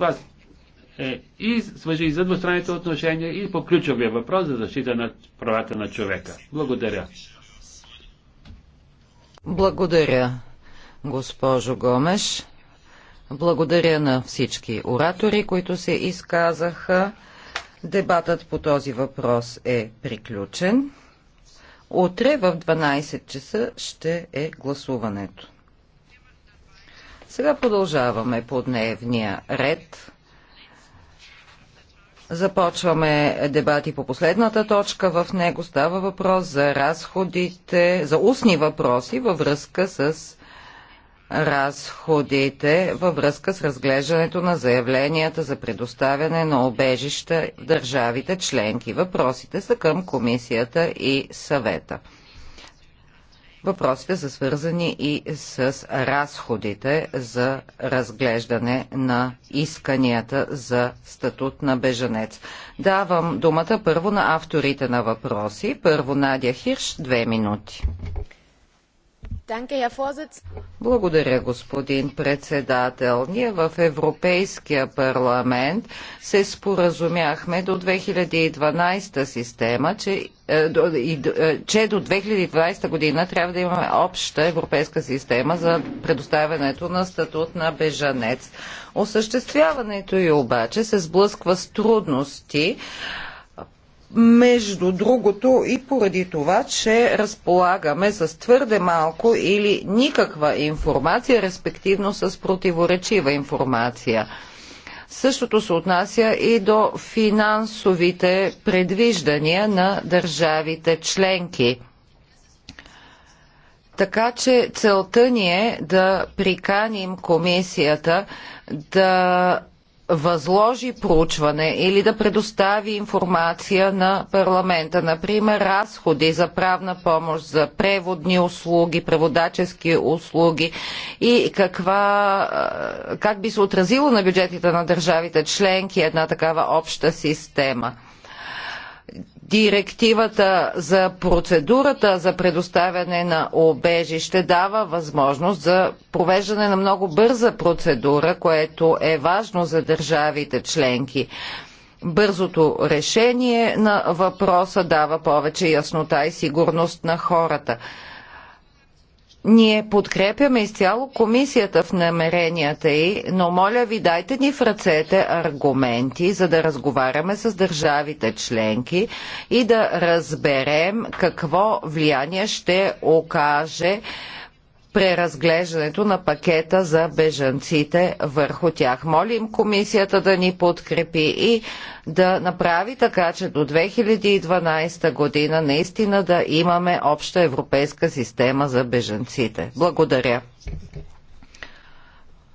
Това е и свържи и за двустранните отношения, и по ключовия въпрос за защита на правата на човека. Благодаря. Благодаря, госпожо Гомеш. Благодаря на всички оратори, които се изказаха. Дебатът по този въпрос е приключен. Утре в 12 часа ще е гласуването. Сега продължаваме по дневния ред. Започваме дебати по последната точка. В него става въпрос за разходите, за устни въпроси във връзка с разходите във връзка с разглеждането на заявленията за предоставяне на обежища в държавите членки. Въпросите са към комисията и съвета. Въпросите са свързани и с разходите за разглеждане на исканията за статут на бежанец. Давам думата първо на авторите на въпроси. Първо Надя Хирш, две минути. Благодаря, господин председател. Ние в Европейския парламент се споразумяхме до 2012 система, че, е, е, че до 2020 година трябва да имаме обща европейска система за предоставянето на статут на бежанец. Осъществяването й обаче се сблъсква с трудности между другото и поради това, че разполагаме с твърде малко или никаква информация, респективно с противоречива информация. Същото се отнася и до финансовите предвиждания на държавите членки. Така че целта ни е да приканим комисията да възложи проучване или да предостави информация на парламента, например разходи за правна помощ, за преводни услуги, преводачески услуги и каква, как би се отразило на бюджетите на държавите членки една такава обща система директивата за процедурата за предоставяне на обежище дава възможност за провеждане на много бърза процедура, което е важно за държавите членки. Бързото решение на въпроса дава повече яснота и сигурност на хората. Ние подкрепяме изцяло комисията в намеренията й, но моля ви дайте ни в ръцете аргументи, за да разговаряме с държавите членки и да разберем какво влияние ще окаже преразглеждането на пакета за бежанците върху тях. Молим комисията да ни подкрепи и да направи така, че до 2012 година наистина да имаме обща европейска система за бежанците. Благодаря.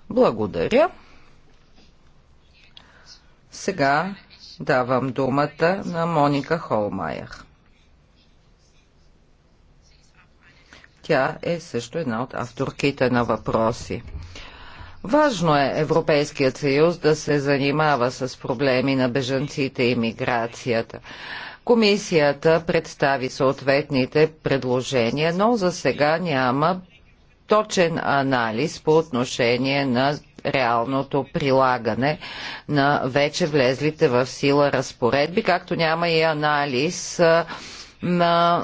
Благодаря. Сега давам думата на Моника Холмайер. Тя е също една от авторките на въпроси. Важно е Европейският съюз да се занимава с проблеми на бежанците и миграцията. Комисията представи съответните предложения, но за сега няма точен анализ по отношение на реалното прилагане на вече влезлите в сила разпоредби, както няма и анализ на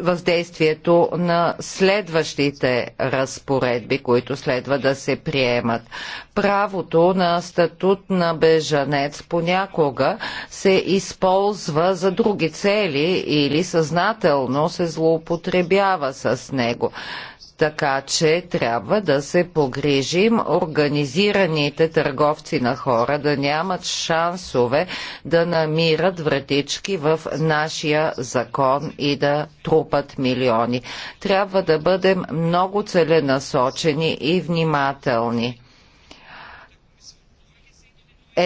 въздействието на следващите разпоредби, които следва да се приемат. Правото на статут на бежанец понякога се използва за други цели или съзнателно се злоупотребява с него. Така че трябва да се погрижим организираните търговци на хора да нямат шансове да намират вратички в нашия закон и да трупат милиони. Трябва да бъдем много целенасочени и внимателни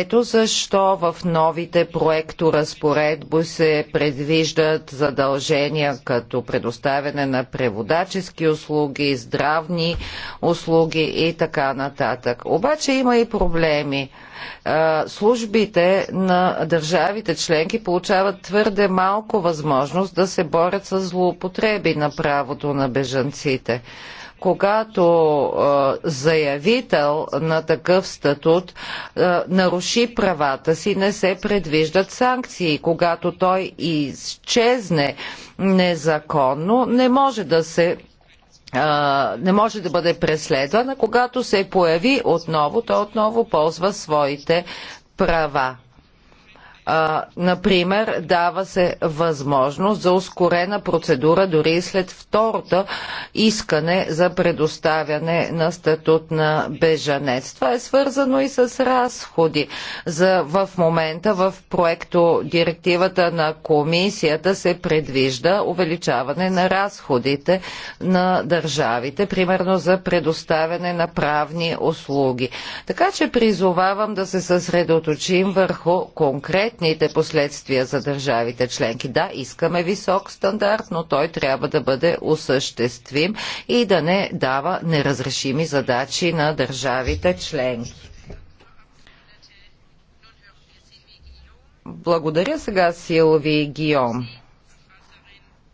ето защо в новите проекто разпоредбо се предвиждат задължения като предоставяне на преводачески услуги, здравни услуги и така нататък. Обаче има и проблеми. Службите на държавите членки получават твърде малко възможност да се борят с злоупотреби на правото на бежанците когато заявител на такъв статут наруши правата си, не се предвиждат санкции. Когато той изчезне незаконно, не може да се не може да бъде преследван, а когато се появи отново, то отново ползва своите права например, дава се възможност за ускорена процедура дори и след второто искане за предоставяне на статут на бежанец. Това е свързано и с разходи. За, в момента в проекто директивата на комисията се предвижда увеличаване на разходите на държавите, примерно за предоставяне на правни услуги. Така че призовавам да се съсредоточим върху конкретни бюджетните последствия за държавите членки. Да, искаме висок стандарт, но той трябва да бъде осъществим и да не дава неразрешими задачи на държавите членки. Благодаря сега Силви Гиом.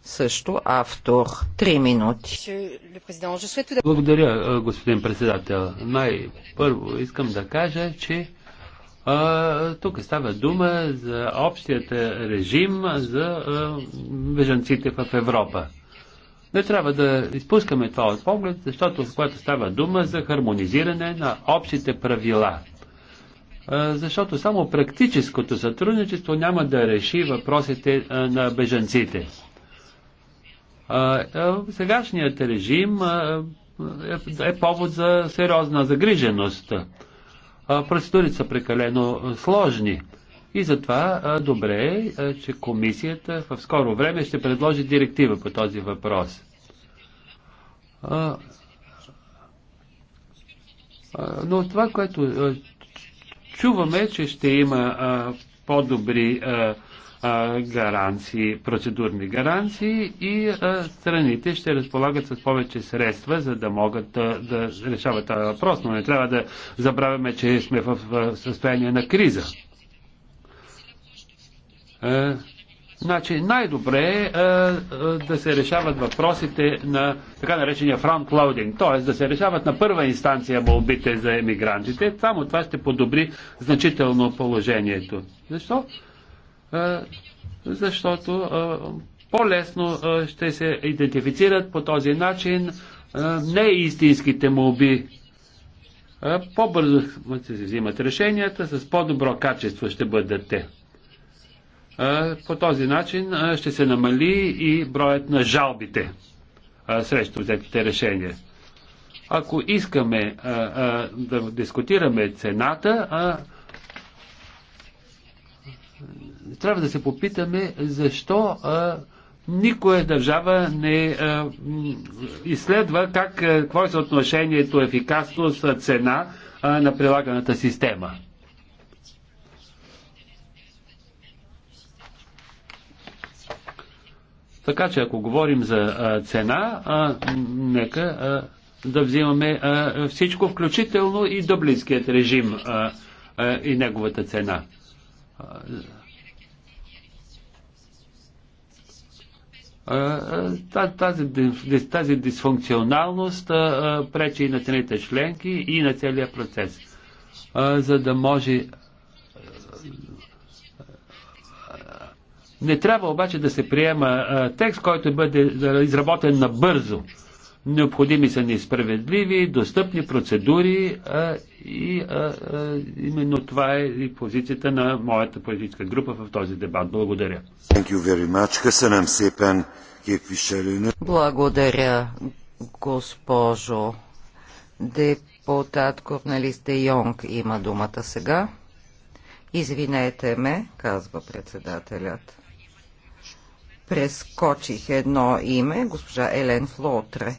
Също автор. Три минути. Благодаря, господин председател. Най-първо искам да кажа, че а, тук става дума за общият режим за а, бежанците в Европа. Не трябва да изпускаме това от поглед, защото когато става дума за хармонизиране на общите правила. А, защото само практическото сътрудничество няма да реши въпросите а, на бежанците. А, сегашният режим е, е повод за сериозна загриженост процедурите са прекалено сложни. И затова добре е, че комисията в скоро време ще предложи директива по този въпрос. Но това, което чуваме, че ще има по-добри гаранции, процедурни гаранции и страните ще разполагат с повече средства, за да могат да решават този въпрос, но не трябва да забравяме, че сме в състояние на криза. Значи най-добре е да се решават въпросите на така наречения фронтлоудинг, т.е. да се решават на първа инстанция молбите за емигрантите. Само това ще подобри значително положението. Защо? защото по-лесно ще се идентифицират по този начин неистинските молби. По-бързо се взимат решенията, с по-добро качество ще бъдат те. По този начин ще се намали и броят на жалбите срещу взетите решения. Ако искаме да дискутираме цената, трябва да се попитаме защо а, никоя държава не а, изследва как, какво е съотношението ефикасност, цена а, на прилаганата система. Така че ако говорим за а, цена, а, нека а, да взимаме а, всичко, включително и дублинският режим а, а, и неговата цена. Тази, тази дисфункционалност пречи и на целите членки, и на целия процес. За да може. Не трябва обаче да се приема текст, който бъде изработен набързо Необходими са несправедливи, достъпни процедури а, и а, а, именно това е и позицията на моята политическа група в този дебат. Благодаря. Благодаря, госпожо депутат Корнелисте Йонг има думата сега. Извинете ме, казва председателят. Прескочих едно име, госпожа Елен Флотре.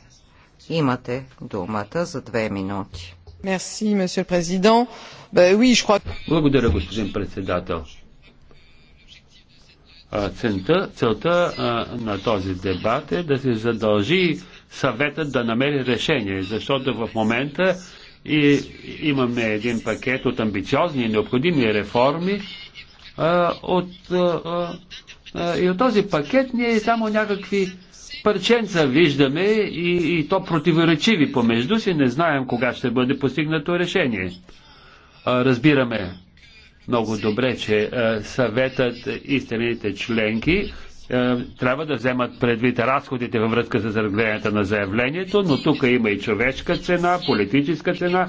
Имате думата за две минути. Благодаря, господин председател. Целта, целта на този дебат е да се задължи съветът да намери решение, защото в момента и имаме един пакет от амбициозни и необходими реформи. А, от, а, а, и от този пакет ние само някакви парченца виждаме и, и то противоречиви помежду си. Не знаем кога ще бъде постигнато решение. Разбираме много добре, че съветът и страните членки трябва да вземат предвид разходите във връзка с разгледането на заявлението, но тук има и човешка цена, политическа цена,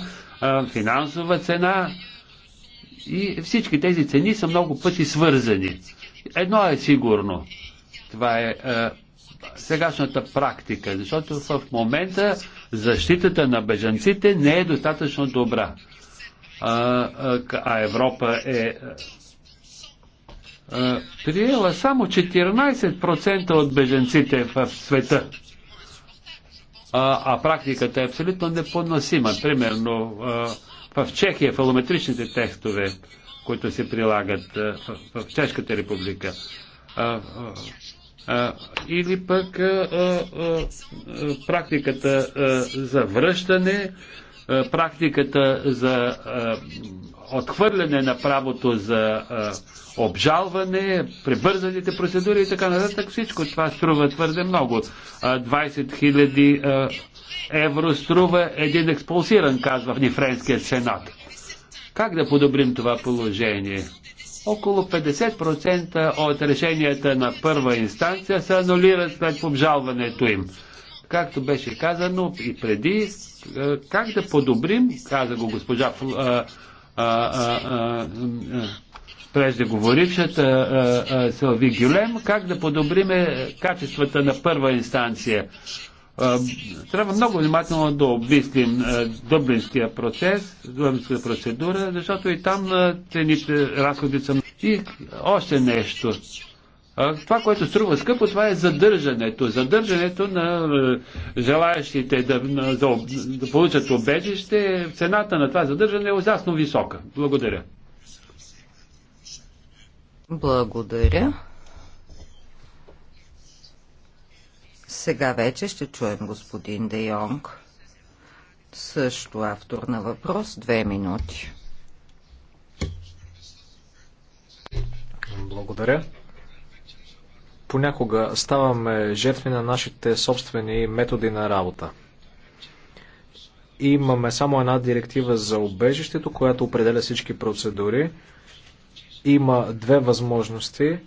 финансова цена и всички тези цени са много пъти свързани. Едно е сигурно. Това е, е сегашната практика, защото в момента защитата на бежанците не е достатъчно добра. А, а Европа е а, приела само 14% от бежанците в света. А, а практиката е абсолютно непоносима. Примерно а, в Чехия, алометричните текстове, които се прилагат а, в, в Чешката република, а, а, или пък а, а, практиката а, за връщане, а, практиката за а, отхвърляне на правото за а, обжалване, прибързаните процедури и така нататък. Всичко това струва твърде много. А, 20 хиляди евро струва един експулсиран, казва ни френския сенат. Как да подобрим това положение? Около 50% от решенията на първа инстанция се анулират след обжалването им. Както беше казано и преди, е, как да подобрим, каза го госпожа е, е, преждеговорившата Сълви Гюлем, как да подобрим качествата на първа инстанция трябва много внимателно да обмислим дъблинския процес, дъблинската процедура, защото и там цените, разходите са... И още нещо. Това, което струва скъпо, това е задържането. Задържането на желаящите да, да, да получат обежище, цената на това задържане е ужасно висока. Благодаря. Благодаря. Сега вече ще чуем господин Де Йонг, също автор на въпрос. Две минути. Благодаря. Понякога ставаме жертви на нашите собствени методи на работа. Имаме само една директива за убежището, която определя всички процедури. Има две възможности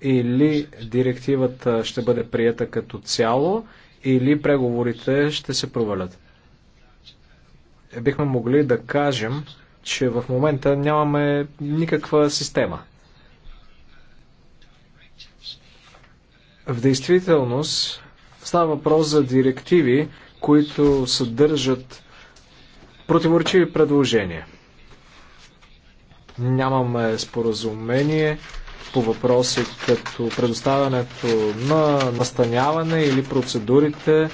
или директивата ще бъде приета като цяло, или преговорите ще се провалят. Бихме могли да кажем, че в момента нямаме никаква система. В действителност става въпрос за директиви, които съдържат противоречиви предложения. Нямаме споразумение, по въпроси като предоставянето на настаняване или процедурите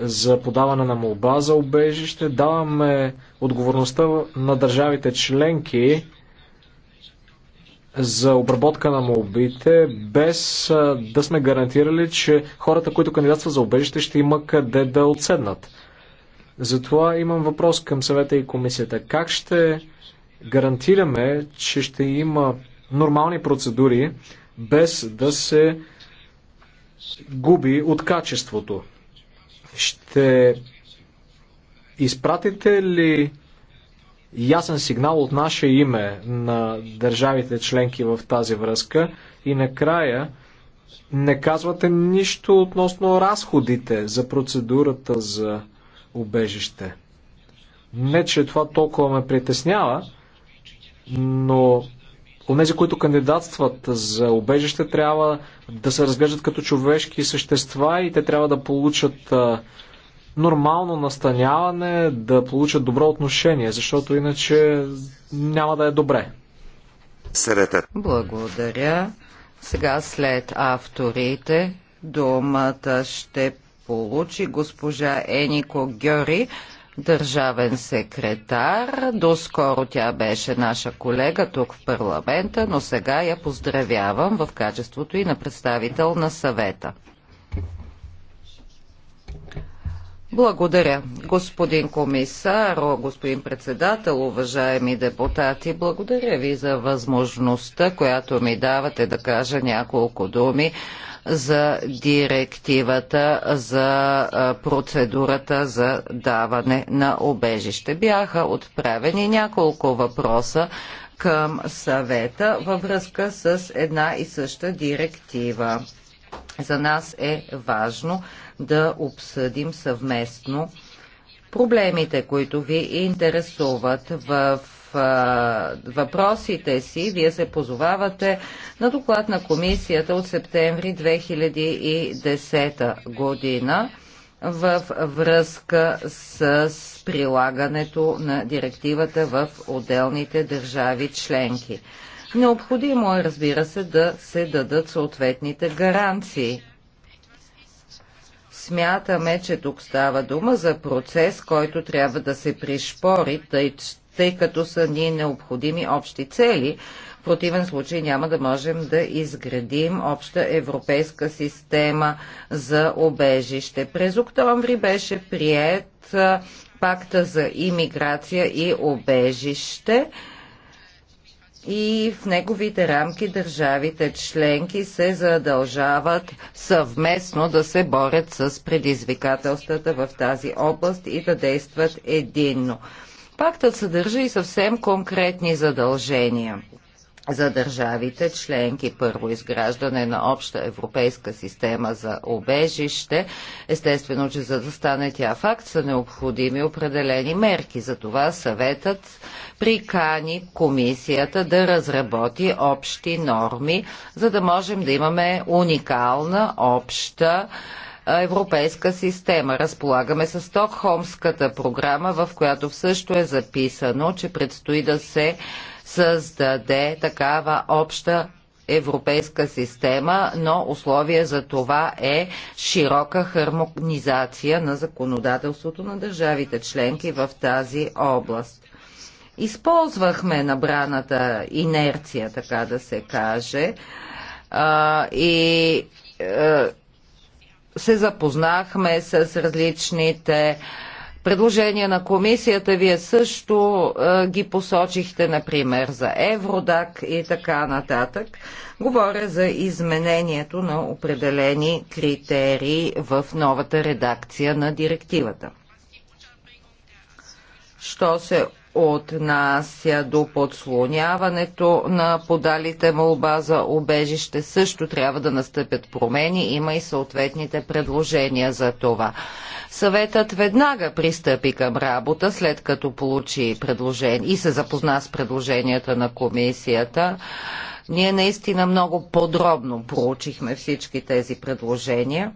за подаване на молба за убежище. Даваме отговорността на държавите членки за обработка на молбите, без да сме гарантирали, че хората, които кандидатстват за убежище, ще има къде да отседнат. Затова имам въпрос към съвета и комисията. Как ще гарантираме, че ще има нормални процедури, без да се губи от качеството. Ще изпратите ли ясен сигнал от наше име на държавите членки в тази връзка и накрая не казвате нищо относно разходите за процедурата за убежище. Не, че това толкова ме притеснява, но Онези, които кандидатстват за убежище, трябва да се разглеждат като човешки същества и те трябва да получат нормално настаняване, да получат добро отношение, защото иначе няма да е добре. Средата. Благодаря. Сега след авторите думата ще получи госпожа Енико Гьори държавен секретар. Доскоро тя беше наша колега тук в парламента, но сега я поздравявам в качеството и на представител на съвета. Благодаря, господин комисар, господин председател, уважаеми депутати. Благодаря ви за възможността, която ми давате да кажа няколко думи за директивата за процедурата за даване на обежище. Бяха отправени няколко въпроса към съвета във връзка с една и съща директива. За нас е важно да обсъдим съвместно проблемите, които ви интересуват в въпросите си, вие се позовавате на доклад на комисията от септември 2010 година в връзка с прилагането на директивата в отделните държави членки. Необходимо е, разбира се, да се дадат съответните гаранции смятаме, че тук става дума за процес, който трябва да се пришпори, тъй, тъй като са ни необходими общи цели. В противен случай няма да можем да изградим обща европейска система за обежище. През октомври беше прият пакта за имиграция и обежище и в неговите рамки държавите членки се задължават съвместно да се борят с предизвикателствата в тази област и да действат единно. Пактът съдържа и съвсем конкретни задължения – за държавите членки. Първо изграждане на обща европейска система за обежище. Естествено, че за да стане тя факт са необходими определени мерки. Затова съветът прикани комисията да разработи общи норми, за да можем да имаме уникална обща европейска система. Разполагаме с Стокхолмската програма, в която също е записано, че предстои да се създаде такава обща европейска система, но условие за това е широка хармонизация на законодателството на държавите членки в тази област. Използвахме набраната инерция, така да се каже, и е, се запознахме с различните предложения на комисията. Вие също е, ги посочихте, например, за Евродак и така нататък. Говоря за изменението на определени критерии в новата редакция на директивата. Що се отнася до подслоняването на подалите молба за обежище, също трябва да настъпят промени. Има и съответните предложения за това. Съветът веднага пристъпи към работа, след като получи предложение и се запозна с предложенията на комисията. Ние наистина много подробно проучихме всички тези предложения.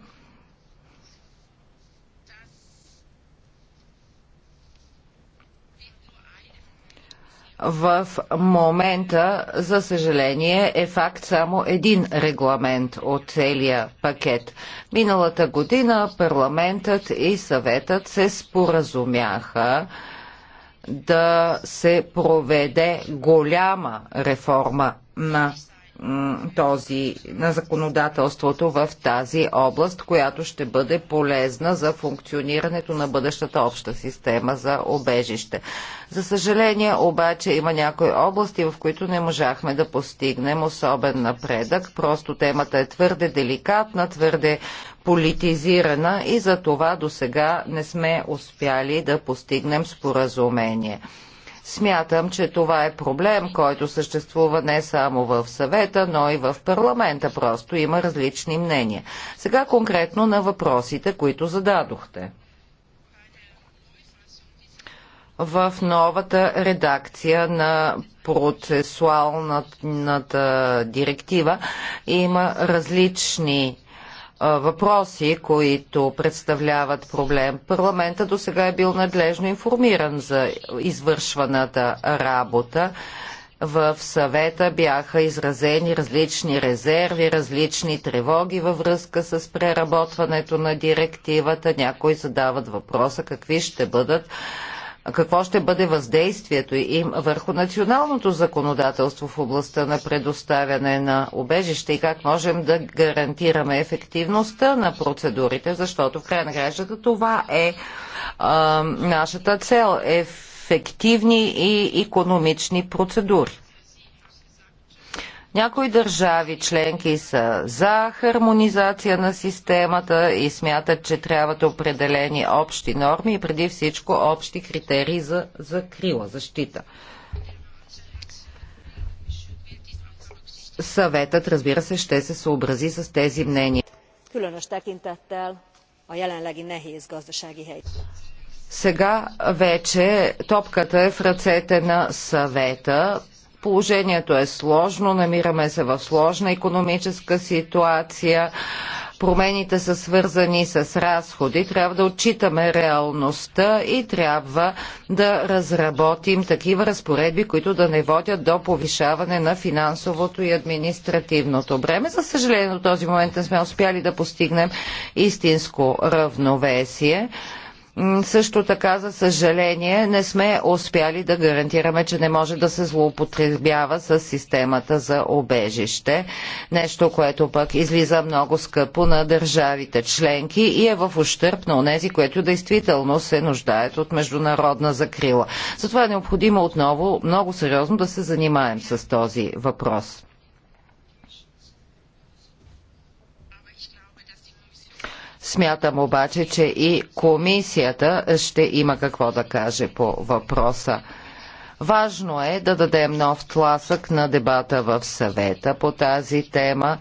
В момента, за съжаление, е факт само един регламент от целия пакет. Миналата година парламентът и съветът се споразумяха да се проведе голяма реформа на този, на законодателството в тази област, която ще бъде полезна за функционирането на бъдещата обща система за обежище. За съжаление обаче има някои области, в които не можахме да постигнем особен напредък. Просто темата е твърде деликатна, твърде политизирана и за това до сега не сме успяли да постигнем споразумение. Смятам, че това е проблем, който съществува не само в съвета, но и в парламента. Просто има различни мнения. Сега конкретно на въпросите, които зададохте. В новата редакция на процесуалната директива има различни въпроси, които представляват проблем. Парламента до сега е бил надлежно информиран за извършваната работа. В съвета бяха изразени различни резерви, различни тревоги във връзка с преработването на директивата. Някои задават въпроса какви ще бъдат какво ще бъде въздействието им върху националното законодателство в областта на предоставяне на обежище и как можем да гарантираме ефективността на процедурите, защото в край на това е а, нашата цел ефективни и економични процедури. Някои държави членки са за хармонизация на системата и смятат, че трябват определени общи норми и преди всичко общи критерии за закрила, защита. Съветът, разбира се, ще се съобрази с тези мнения. Сега вече топката е в ръцете на съвета Положението е сложно, намираме се в сложна економическа ситуация, промените са свързани с разходи, трябва да отчитаме реалността и трябва да разработим такива разпоредби, които да не водят до повишаване на финансовото и административното бреме. За съжаление, до този момент не сме успяли да постигнем истинско равновесие. Също така, за съжаление, не сме успяли да гарантираме, че не може да се злоупотребява с системата за обежище. Нещо, което пък излиза много скъпо на държавите членки и е в ущърп на онези, които действително се нуждаят от международна закрила. Затова е необходимо отново много сериозно да се занимаем с този въпрос. Смятам обаче, че и комисията ще има какво да каже по въпроса. Важно е да дадем нов тласък на дебата в съвета по тази тема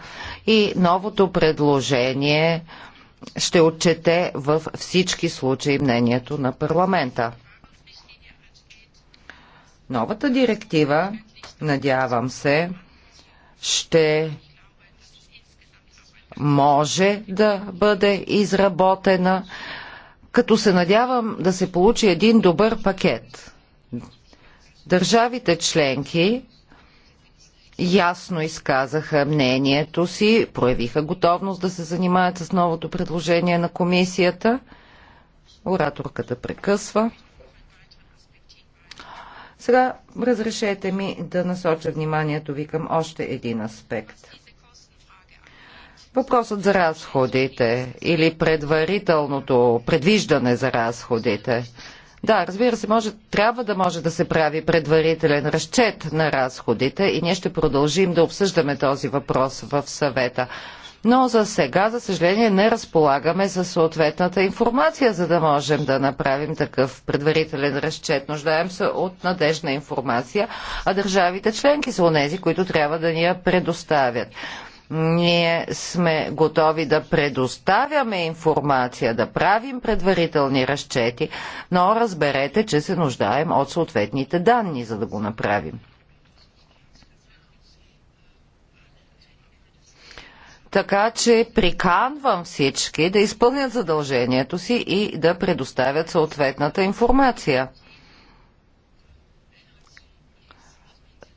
и новото предложение ще отчете във всички случаи мнението на парламента. Новата директива, надявам се, ще може да бъде изработена, като се надявам да се получи един добър пакет. Държавите членки ясно изказаха мнението си, проявиха готовност да се занимаят с новото предложение на комисията. Ораторката прекъсва. Сега разрешете ми да насоча вниманието ви към още един аспект – Въпросът за разходите или предварителното предвиждане за разходите. Да, разбира се, може, трябва да може да се прави предварителен разчет на разходите и ние ще продължим да обсъждаме този въпрос в съвета. Но за сега, за съжаление, не разполагаме с съответната информация, за да можем да направим такъв предварителен разчет. Нуждаем се от надежна информация, а държавите членки са онези, които трябва да ни я предоставят. Ние сме готови да предоставяме информация, да правим предварителни разчети, но разберете, че се нуждаем от съответните данни, за да го направим. Така че приканвам всички да изпълнят задължението си и да предоставят съответната информация.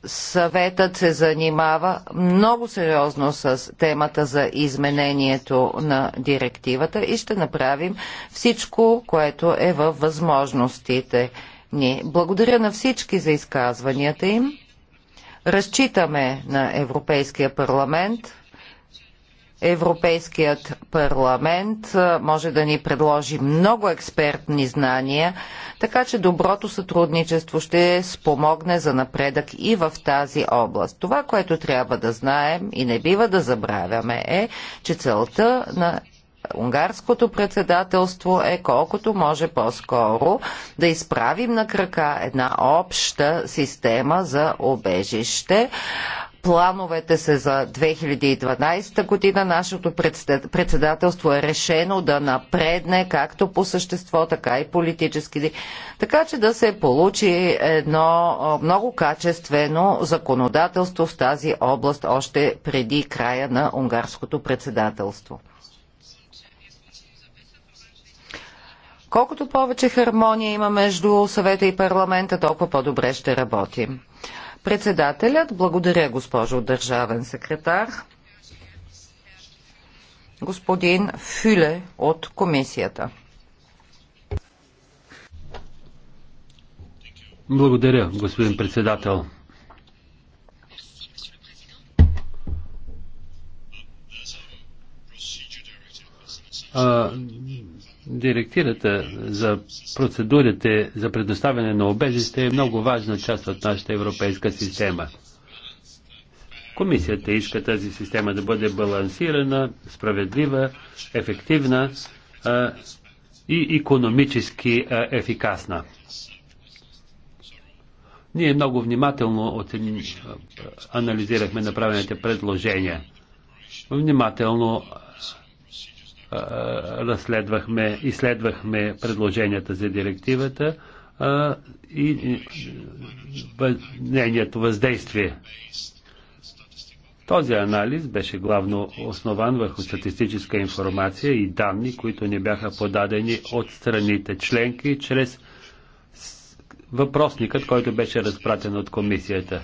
съветът се занимава много сериозно с темата за изменението на директивата и ще направим всичко, което е във възможностите ни. Благодаря на всички за изказванията им. Разчитаме на Европейския парламент Европейският парламент може да ни предложи много експертни знания, така че доброто сътрудничество ще спомогне за напредък и в тази област. Това, което трябва да знаем и не бива да забравяме е, че целта на унгарското председателство е колкото може по-скоро да изправим на крака една обща система за обежище. Плановете се за 2012 година. Нашето председателство е решено да напредне както по същество, така и политически. Така че да се получи едно много качествено законодателство в тази област още преди края на унгарското председателство. Колкото повече хармония има между съвета и парламента, толкова по-добре ще работим. Председателят, благодаря госпожо държавен секретар. Господин Фюле от комисията. Благодаря, господин председател. А, Директирата за процедурите за предоставяне на обежище е много важна част от нашата европейска система. Комисията иска тази система да бъде балансирана, справедлива, ефективна а, и економически а, ефикасна. Ние много внимателно анализирахме направените предложения. Внимателно разследвахме, изследвахме предложенията за директивата и, нейното въздействие. Този анализ беше главно основан върху статистическа информация и данни, които ни бяха подадени от страните членки чрез въпросникът, който беше разпратен от комисията.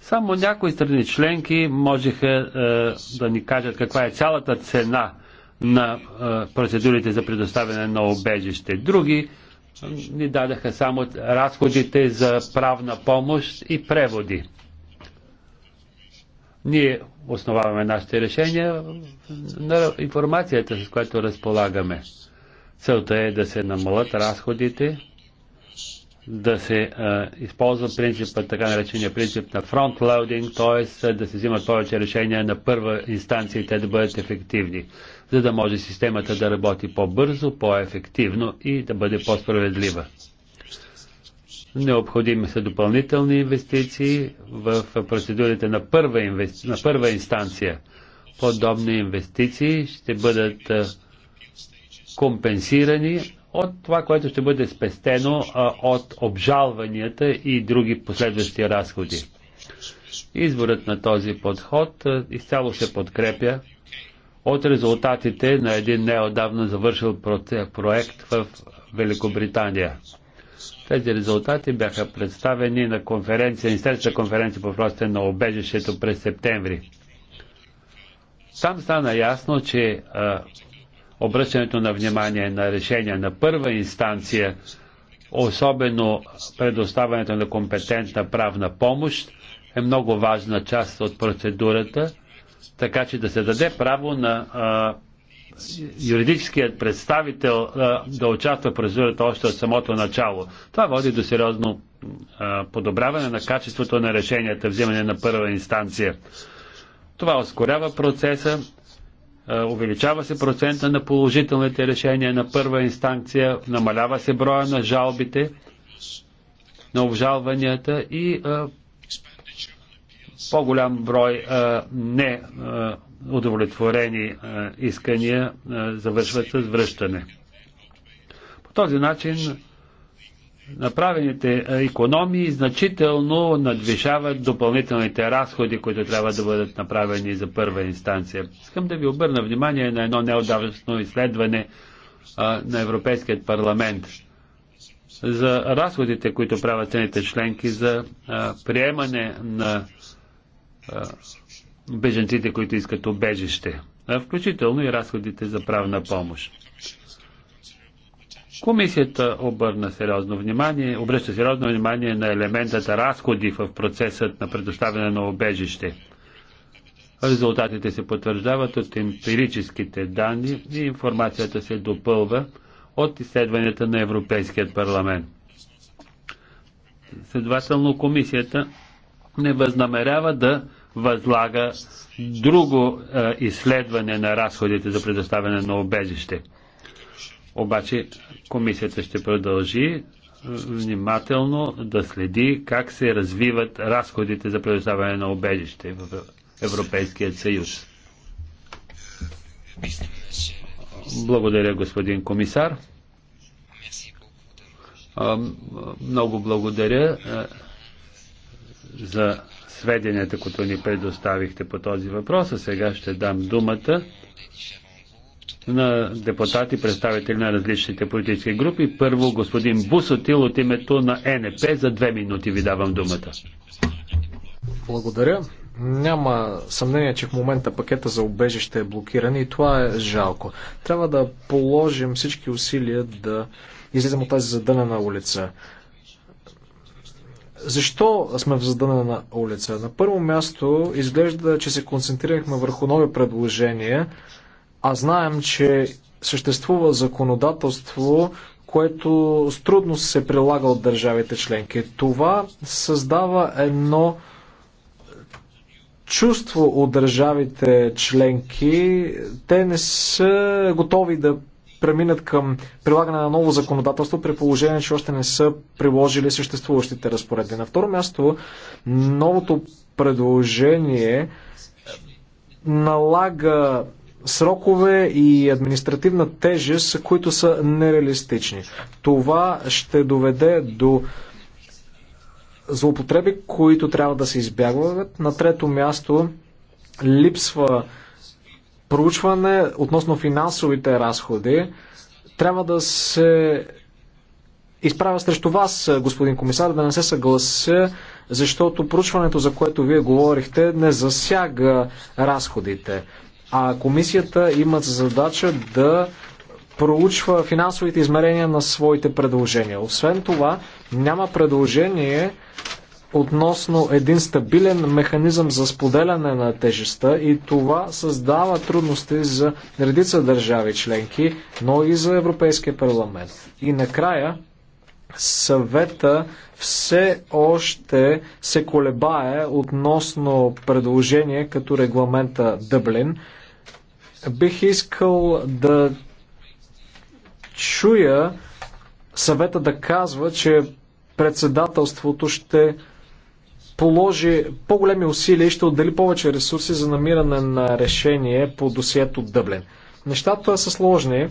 Само някои страни членки можеха е, да ни кажат каква е цялата цена на процедурите за предоставяне на обежище. Други ни дадаха само разходите за правна помощ и преводи. Ние основаваме нашите решения на информацията, с която разполагаме. Целта е да се намалят разходите, да се а, използва принципът, така наречения принцип на фронтлоудинг, т.е. да се взимат повече решения на първа инстанция и те да бъдат ефективни за да може системата да работи по-бързо, по-ефективно и да бъде по-справедлива. Необходими са допълнителни инвестиции в процедурите на първа, инвести... на първа инстанция. Подобни инвестиции ще бъдат компенсирани от това, което ще бъде спестено от обжалванията и други последващи разходи. Изборът на този подход изцяло се подкрепя от резултатите на един неодавна завършил проект в Великобритания. Тези резултати бяха представени на конференция, Министерска конференция по въпросите на обежището през септември. Там стана ясно, че а, обръщането на внимание на решения на първа инстанция, особено предоставянето на компетентна правна помощ, е много важна част от процедурата така че да се даде право на а, юридическият представител а, да участва в процедурата още от самото начало. Това води до сериозно а, подобряване на качеството на решенията, взимане на първа инстанция. Това ускорява процеса, а, увеличава се процента на положителните решения на първа инстанция, намалява се броя на жалбите, на обжалванията и а, по-голям брой не удовлетворени искания завършват с връщане. По този начин направените економии значително надвишават допълнителните разходи, които трябва да бъдат направени за първа инстанция. Искам да ви обърна внимание на едно неодавно изследване а, на Европейският парламент за разходите, които правят страните членки за а, приемане на беженците, които искат обежище, включително и разходите за правна помощ. Комисията обърна сериозно внимание, обръща сериозно внимание на елементата разходи в процесът на предоставяне на обежище. Резултатите се потвърждават от емпирическите данни и информацията се допълва от изследванията на Европейският парламент. Следователно комисията не възнамерява да възлага друго а, е, изследване на разходите за предоставяне на обежище. Обаче комисията ще продължи е, внимателно да следи как се развиват разходите за предоставяне на обежище в Европейския съюз. Благодаря, господин комисар. Е, много благодаря за сведенията, които ни предоставихте по този въпрос. А сега ще дам думата на депутати, представители на различните политически групи. Първо господин Бусотил от името на НП. За две минути ви давам думата. Благодаря. Няма съмнение, че в момента пакета за обежище е блокиран и това е жалко. Трябва да положим всички усилия да излизам от тази задънена улица. Защо сме в задънена улица? На първо място изглежда, че се концентрирахме върху нови предложения, а знаем, че съществува законодателство, което с трудност се прилага от държавите членки. Това създава едно чувство от държавите членки. Те не са готови да преминат към прилагане на ново законодателство при положение, че още не са приложили съществуващите разпоредби. На второ място, новото предложение налага срокове и административна тежест, които са нереалистични. Това ще доведе до злоупотреби, които трябва да се избягват. На трето място липсва проучване относно финансовите разходи. Трябва да се изправя срещу вас, господин комисар, да не се съглася, защото проучването, за което вие говорихте, не засяга разходите. А комисията има задача да проучва финансовите измерения на своите предложения. Освен това, няма предложение относно един стабилен механизъм за споделяне на тежеста и това създава трудности за редица държави членки, но и за Европейския парламент. И накрая съвета все още се колебае относно предложение като регламента Дъблин. Бих искал да чуя съвета да казва, че председателството ще положи по-големи усилия и ще отдели повече ресурси за намиране на решение по досието Дъблен. Нещата са сложни.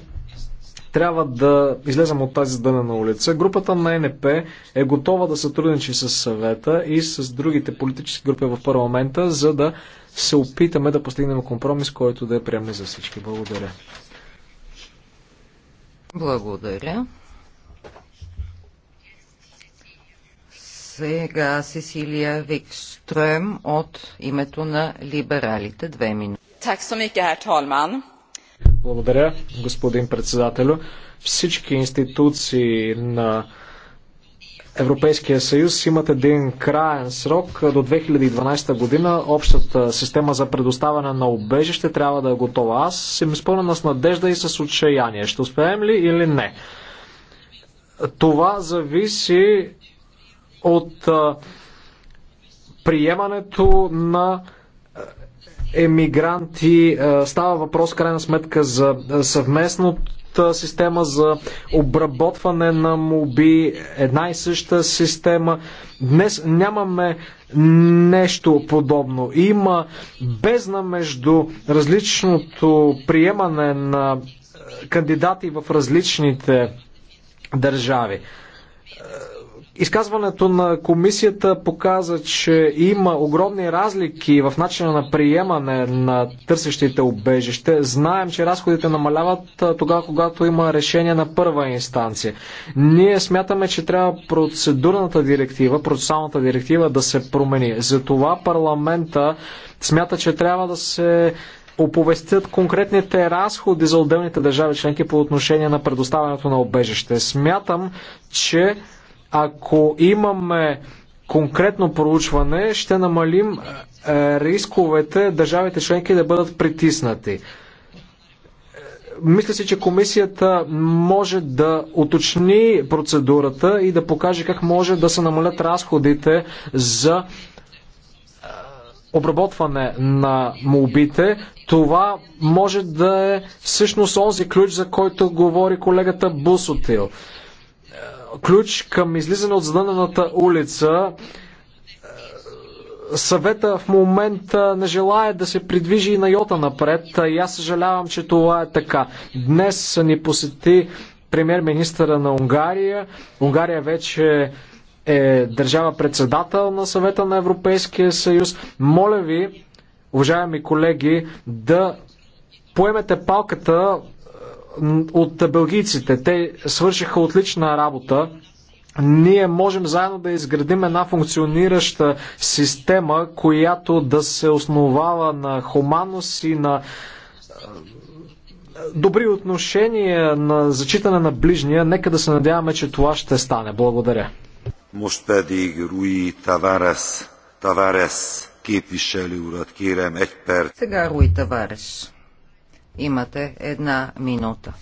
Трябва да излезем от тази дъна на улица. Групата на НП е готова да сътрудничи с съвета и с другите политически групи в парламента, за да се опитаме да постигнем компромис, който да е приемен за всички. Благодаря. Благодаря. Сега Сесилия Викстрем от името на либералите. Две минути. Благодаря, господин председателю. Всички институции на Европейския съюз имат един краен срок до 2012 година. Общата система за предоставяне на обежище трябва да е готова. Аз съм изпълнена с надежда и с отчаяние. Ще успеем ли или не? Това зависи от приемането на емигранти. Става въпрос, крайна сметка, за съвместната система за обработване на моби, една и съща система. Днес нямаме нещо подобно. Има бездна между различното приемане на кандидати в различните държави. Изказването на комисията показа, че има огромни разлики в начина на приемане на търсещите убежище. Знаем, че разходите намаляват тогава, когато има решение на първа инстанция. Ние смятаме, че трябва процедурната директива, процесуалната директива да се промени. Затова парламента смята, че трябва да се оповестят конкретните разходи за отделните държави членки по отношение на предоставянето на обежище. Смятам, че ако имаме конкретно проучване, ще намалим е, рисковете държавите членки да бъдат притиснати. Е, мисля си, че комисията може да уточни процедурата и да покаже как може да се намалят разходите за е, обработване на молбите, това може да е всъщност онзи ключ, за който говори колегата Бусотил ключ към излизане от задънената улица. Съвета в момента не желая да се придвижи и на йота напред и аз съжалявам, че това е така. Днес ни посети премьер-министъра на Унгария. Унгария вече е държава председател на съвета на Европейския съюз. Моля ви, уважаеми колеги, да поемете палката от белгийците. Те свършиха отлична работа. Ние можем заедно да изградим една функционираща система, която да се основава на хуманност и на е, добри отношения на зачитане на ближния. Нека да се надяваме, че това ще стане. Благодаря. Сега Руи Таварес. Имате една минута.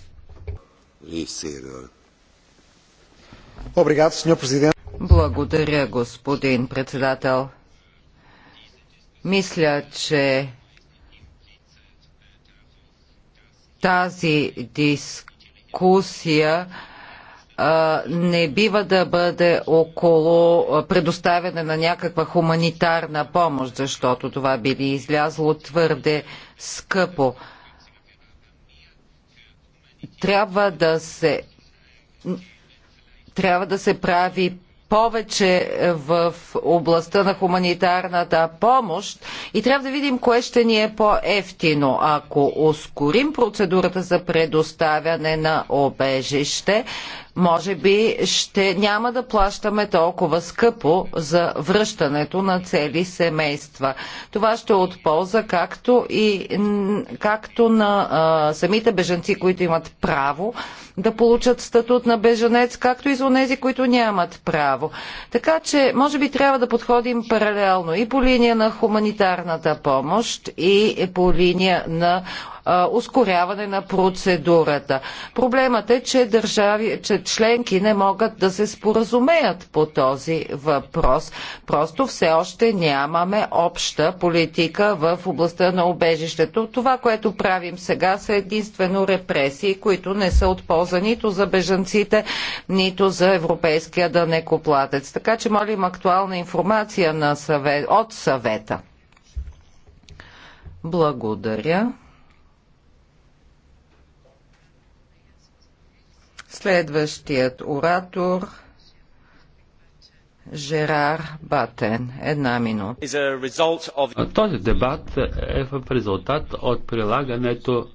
Благодаря, господин председател. Мисля, че тази дискусия не бива да бъде около предоставяне на някаква хуманитарна помощ, защото това би ни излязло твърде скъпо трябва да се трябва да се прави повече в областта на хуманитарната помощ и трябва да видим кое ще ни е по-ефтино. Ако ускорим процедурата за предоставяне на обежище, може би ще няма да плащаме толкова скъпо за връщането на цели семейства. Това ще е от полза както, и, както на а, самите бежанци, които имат право да получат статут на бежанец, както и за тези, които нямат право. Така че, може би трябва да подходим паралелно и по линия на хуманитарната помощ, и по линия на ускоряване на процедурата. Проблемът е, че държави, че членки не могат да се споразумеят по този въпрос. Просто все още нямаме обща политика в областта на убежището. Това, което правим сега, са единствено репресии, които не са от полза нито за бежанците, нито за европейския данекоплатец. Така че молим актуална информация на съвет, от съвета. Благодаря. Следващият оратор Жерар Батен. Една минута. Този дебат е в резултат от прилагането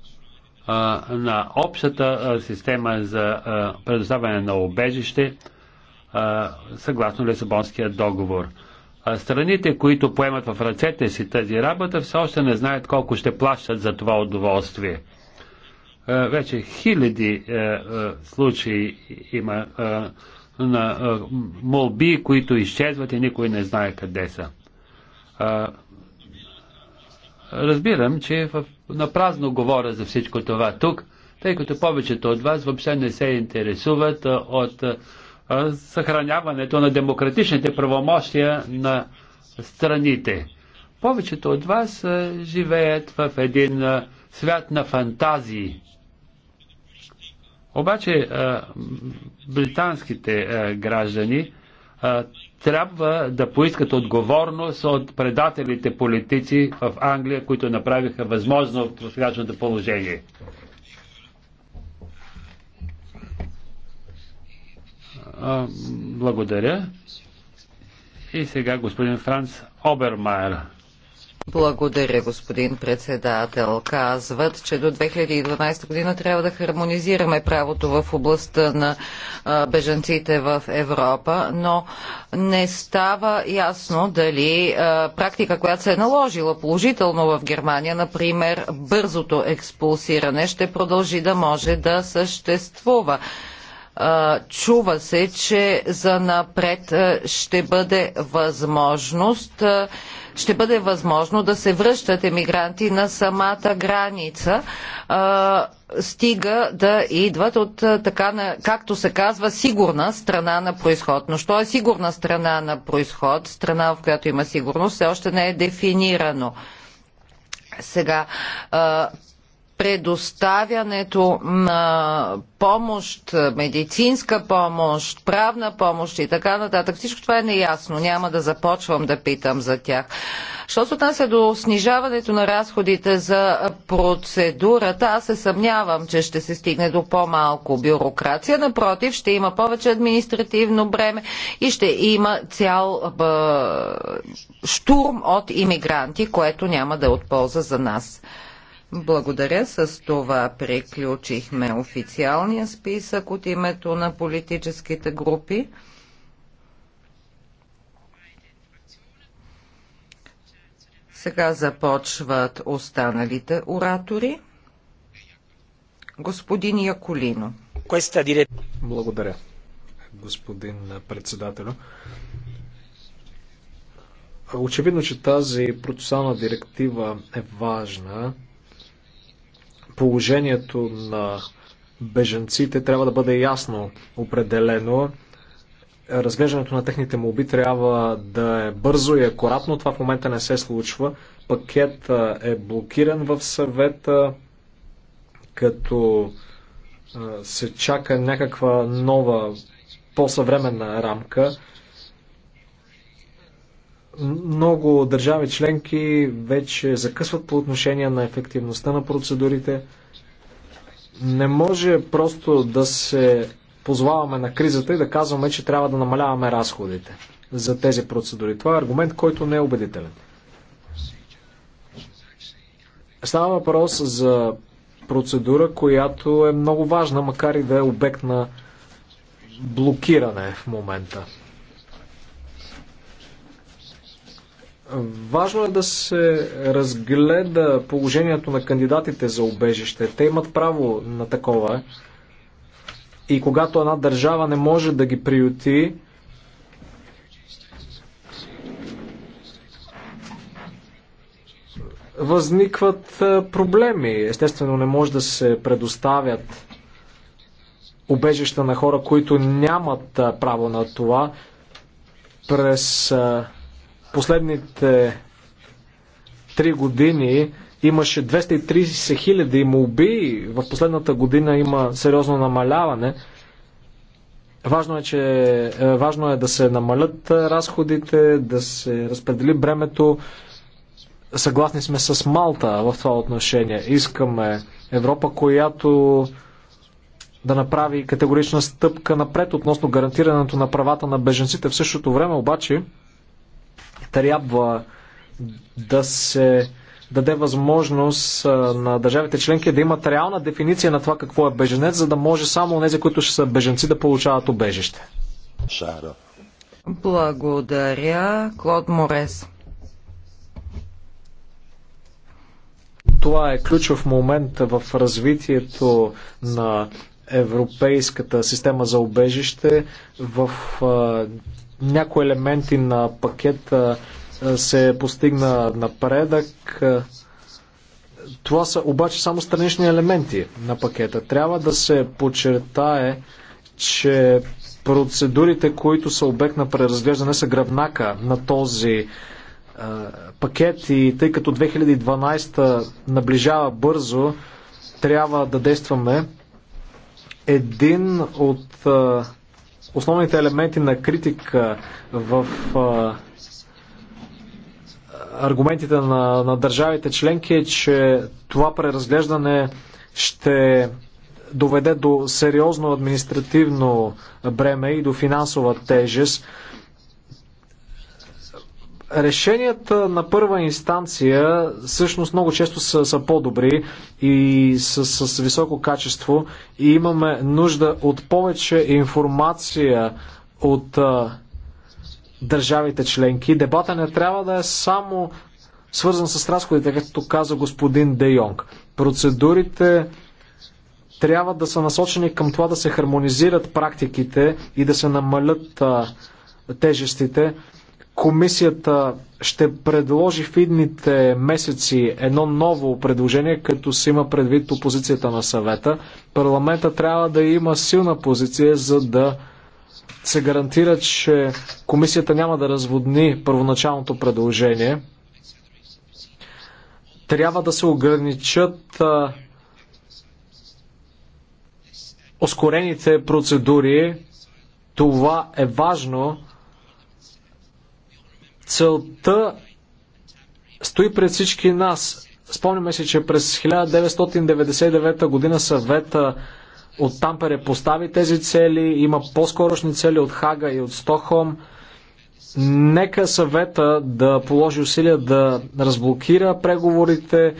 а, на общата система за а, предоставяне на обежище съгласно Лисабонския договор. Страните, които поемат в ръцете си тази работа, все още не знаят колко ще плащат за това удоволствие. Е, вече хиляди е, е, случаи има на молби, които изчезват и никой не знае къде са. Разбирам, че в, на празно говоря за всичко това тук, тъй като повечето от вас въобще не се интересуват от съхраняването на демократичните правомощия на страните. Повечето от вас живеят в един свят на фантазии обаче британските граждани трябва да поискат отговорност от предателите политици в Англия, които направиха възможно в сегашното положение. Благодаря. И сега господин Франц Обермайер. Благодаря, господин председател. Казват, че до 2012 година трябва да хармонизираме правото в областта на бежанците в Европа, но не става ясно дали практика, която се е наложила положително в Германия, например бързото експулсиране, ще продължи да може да съществува чува се, че за напред ще бъде възможност ще бъде възможно да се връщат емигранти на самата граница, стига да идват от така, на, както се казва, сигурна страна на происход. Но що е сигурна страна на происход? Страна, в която има сигурност, все още не е дефинирано. Сега, предоставянето на помощ, медицинска помощ, правна помощ и така нататък. Всичко това е неясно. Няма да започвам да питам за тях. Що се отнася до снижаването на разходите за процедурата, аз се съмнявам, че ще се стигне до по-малко бюрокрация. Напротив, ще има повече административно бреме и ще има цял бъ... штурм от иммигранти, което няма да е от полза за нас. Благодаря. С това приключихме официалния списък от името на политическите групи. Сега започват останалите оратори. Господин Яколино. Благодаря, господин председател. Очевидно, че тази процесуална директива е важна положението на беженците трябва да бъде ясно определено. Разглеждането на техните молби трябва да е бързо и акуратно. Това в момента не се случва. Пакет е блокиран в съвета, като се чака някаква нова, по-съвременна рамка. Много държави членки вече закъсват по отношение на ефективността на процедурите. Не може просто да се позваваме на кризата и да казваме, че трябва да намаляваме разходите за тези процедури. Това е аргумент, който не е убедителен. Става въпрос за процедура, която е много важна, макар и да е обект на блокиране в момента. Важно е да се разгледа положението на кандидатите за убежище. Те имат право на такова. И когато една държава не може да ги приюти, възникват проблеми. Естествено, не може да се предоставят убежища на хора, които нямат право на това. През последните три години имаше 230 хиляди молби, в последната година има сериозно намаляване. Важно е, че, е, важно е да се намалят е, разходите, да се разпредели бремето. Съгласни сме с Малта в това отношение. Искаме Европа, която да направи категорична стъпка напред относно гарантирането на правата на беженците. В същото време обаче трябва да се даде възможност на държавите членки да имат реална дефиниция на това какво е беженец, за да може само тези, които ще са беженци, да получават обежище. Благодаря, Клод Морес. Това е ключов момент в развитието на европейската система за обежище. В някои елементи на пакета се постигна напредък. Това са обаче само странични елементи на пакета. Трябва да се подчертае, че процедурите, които са обект на преразглеждане, са гръбнака на този пакет и тъй като 2012 наближава бързо, трябва да действаме. Един от основните елементи на критика в аргументите на, на държавите членки е, че това преразглеждане ще доведе до сериозно административно бреме и до финансова тежест. Решенията на първа инстанция всъщност много често са, са по-добри и с, с високо качество и имаме нужда от повече информация от а, държавите членки. Дебата не трябва да е само свързан с разходите, както каза господин Де Йонг. Процедурите трябва да са насочени към това да се хармонизират практиките и да се намалят а, тежестите. Комисията ще предложи в идните месеци едно ново предложение, като се има предвид опозицията на съвета. Парламента трябва да има силна позиция, за да се гарантира, че комисията няма да разводни първоначалното предложение. Трябва да се ограничат а, ускорените процедури. Това е важно, Целта стои пред всички нас. Спомняме си, че през 1999 година съвета от Тампере постави тези цели, има по-скорошни цели от Хага и от Стохом. Нека съвета да положи усилия да разблокира преговорите.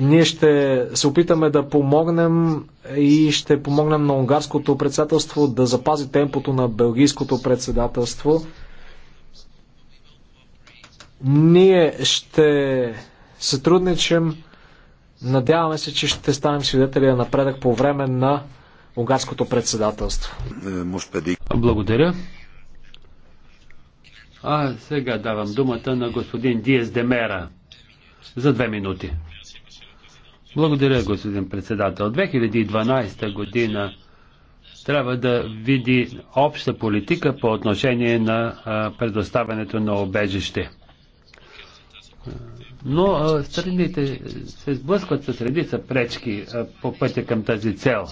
Ние ще се опитаме да помогнем и ще помогнем на унгарското председателство да запази темпото на белгийското председателство. Ние ще сътрудничим. Надяваме се, че ще станем свидетели на напредък по време на унгарското председателство. Благодаря. А сега давам думата на господин Диес Демера за две минути. Благодаря, господин председател. 2012 година трябва да види обща политика по отношение на предоставянето на обежище. Но страните се сблъскват с редица пречки по пътя към тази цел.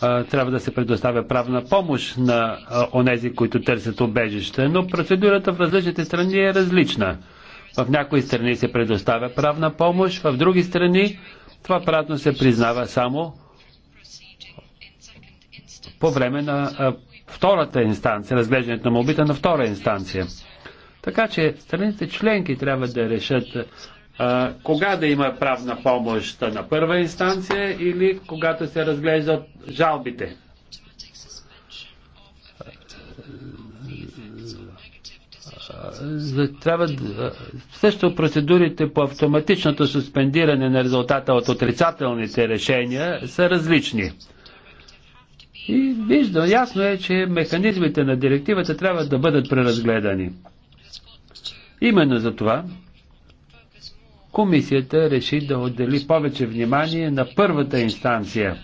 трябва да се предоставя правна помощ на онези, които търсят убежище, но процедурата в различните страни е различна. В някои страни се предоставя правна помощ, в други страни това правно се признава само по време на втората инстанция, разглеждането на молбите на втора инстанция. Така че страните членки трябва да решат а, кога да има правна помощ на първа инстанция или когато се разглеждат жалбите. трябва също процедурите по автоматичното суспендиране на резултата от отрицателните решения са различни. И вижда, ясно е, че механизмите на директивата трябва да бъдат преразгледани. Именно за това комисията реши да отдели повече внимание на първата инстанция.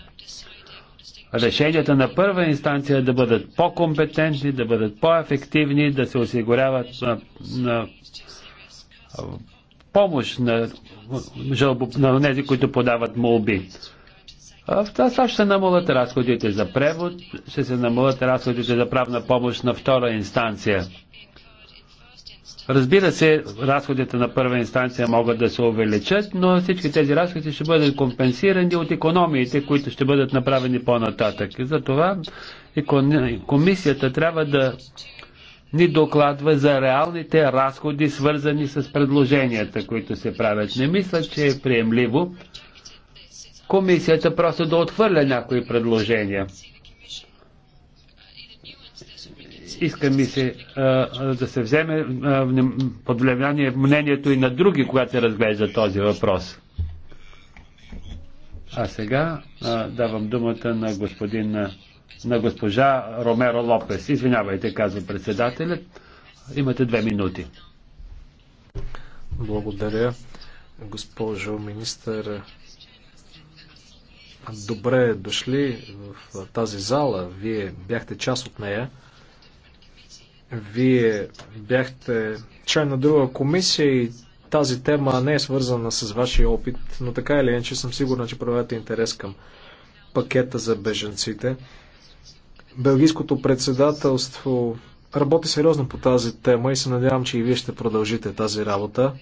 Решенията на първа инстанция да бъдат по-компетентни, да бъдат по-ефективни, да се осигуряват на, на помощ на, на тези, които подават молби. Това сега ще се намалят разходите за превод, ще се намалят разходите за правна помощ на втора инстанция. Разбира се, разходите на първа инстанция могат да се увеличат, но всички тези разходи ще бъдат компенсирани от економиите, които ще бъдат направени по-нататък. Затова комисията трябва да ни докладва за реалните разходи, свързани с предложенията, които се правят. Не мисля, че е приемливо комисията просто да отхвърля някои предложения. Иска ми се а, да се вземе а, под влияние мнението и на други, когато се разглежда този въпрос. А сега а, давам думата на господин на госпожа Ромеро Лопес. Извинявайте, казва председателят. Имате две минути. Благодаря, госпожо министър Добре дошли в тази зала. Вие бяхте част от нея. Вие бяхте член на друга комисия и тази тема не е свързана с вашия опит, но така или иначе съм сигурна, че проявявате интерес към пакета за беженците. Белгийското председателство работи сериозно по тази тема и се надявам, че и вие ще продължите тази работа.